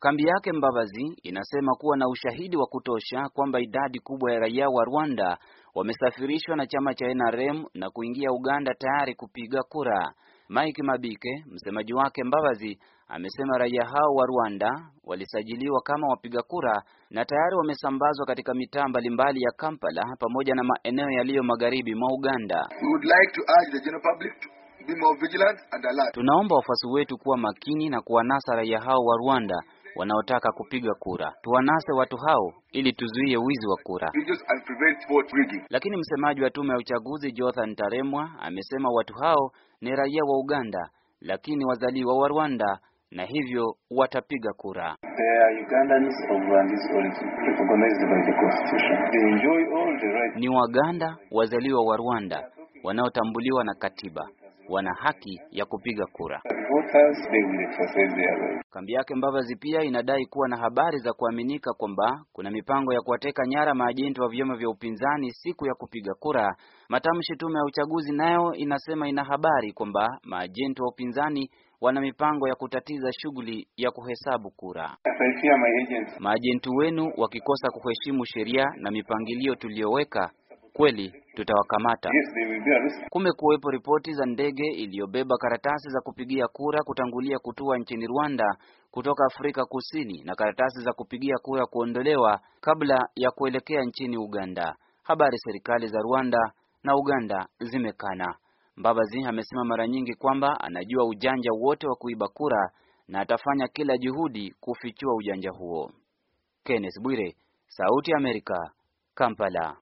Kambi yake Mbabazi inasema kuwa na ushahidi wa kutosha kwamba idadi kubwa ya raia wa Rwanda wamesafirishwa na chama cha NRM na kuingia Uganda tayari kupiga kura. Mike Mabike, msemaji wake Mbabazi, amesema raia hao wa Rwanda walisajiliwa kama wapiga kura na tayari wamesambazwa katika mitaa mbalimbali ya Kampala pamoja na maeneo yaliyo magharibi mwa Uganda. Tunaomba wafuasi wetu kuwa makini na kuwanasa raia hao wa Rwanda wanaotaka kupiga kura. Tuwanase watu hao ili tuzuie wizi wa kura. Lakini msemaji wa tume ya uchaguzi Jonathan Taremwa amesema watu hao ni raia wa Uganda lakini wazaliwa wa Rwanda na hivyo watapiga kura. Ni Waganda wazaliwa wa Rwanda wanaotambuliwa na katiba wana haki ya kupiga kura. Kambi yake Mbavazi pia inadai kuwa na habari za kuaminika kwamba kuna mipango ya kuwateka nyara maajenti wa vyama vya upinzani siku ya kupiga kura. Matamshi tume ya uchaguzi nayo inasema ina habari kwamba maajenti wa upinzani wana mipango ya kutatiza shughuli ya kuhesabu kura. Maajenti wenu wakikosa kuheshimu sheria na mipangilio tuliyoweka, kweli tutawakamata. kume kuwepo ripoti za ndege iliyobeba karatasi za kupigia kura kutangulia kutua nchini Rwanda kutoka Afrika Kusini na karatasi za kupigia kura kuondolewa kabla ya kuelekea nchini Uganda. Habari serikali za Rwanda na Uganda zimekana. Mbabazi amesema mara nyingi kwamba anajua ujanja wote wa kuiba kura na atafanya kila juhudi kufichua ujanja huo. Kenneth Bwire, Sauti ya Amerika, Kampala.